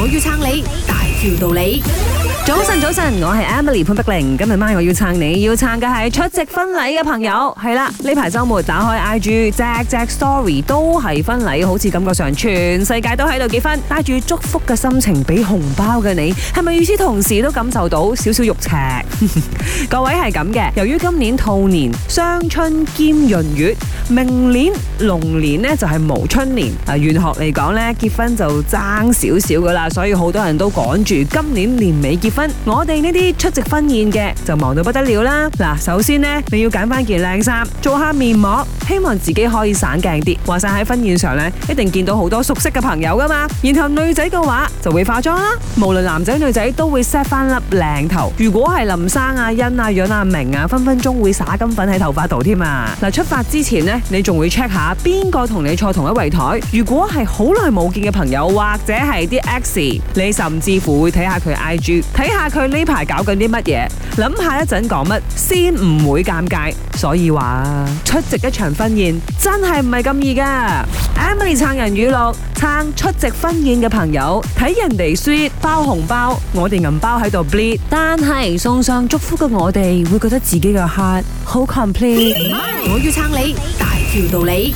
我要撐你。條道理，早晨早晨，我係 Emily 潘碧玲，今日晚我要撐你，要撐嘅係出席婚禮嘅朋友。係啦，呢排周末打開 I 住隻只 story 都係婚禮，好似感覺上全世界都喺度結婚，帶住祝福嘅心情俾紅包嘅你，係咪與此同時都感受到少少肉赤？ 各位係咁嘅，由於今年兔年雙春兼閏月，明年龍年呢就係、是、無春年，啊，學學嚟講呢，結婚就爭少少噶啦，所以好多人都趕今年年尾結婚，我哋呢啲出席婚宴嘅就忙到不得了啦。嗱，首先呢，你要揀翻件靚衫，做下面膜，希望自己可以省鏡啲。話晒喺婚宴上呢，一定見到好多熟悉嘅朋友噶嘛。然後女仔嘅話就會化妝啦，無論男仔女仔都會 set 翻粒靚頭。如果係林生啊、欣啊、楊啊、啊、明啊，分分鐘會灑金粉喺頭髮度添啊。嗱，出發之前呢，你仲會 check 下邊個同你坐同一圍枱。如果係好耐冇見嘅朋友，或者係啲 ex，你甚至乎。會睇下佢 IG，睇下佢呢排搞緊啲乜嘢，諗下一陣講乜先唔會尷尬，所以話出席一場婚宴真係唔係咁易噶。Emily 撐人語錄，撐出席婚宴嘅朋友，睇人哋輸包紅包，我哋銀包喺度 bleed，但係送上祝福嘅我哋，會覺得自己嘅 heart 好 complete。我要撐你，大條道理。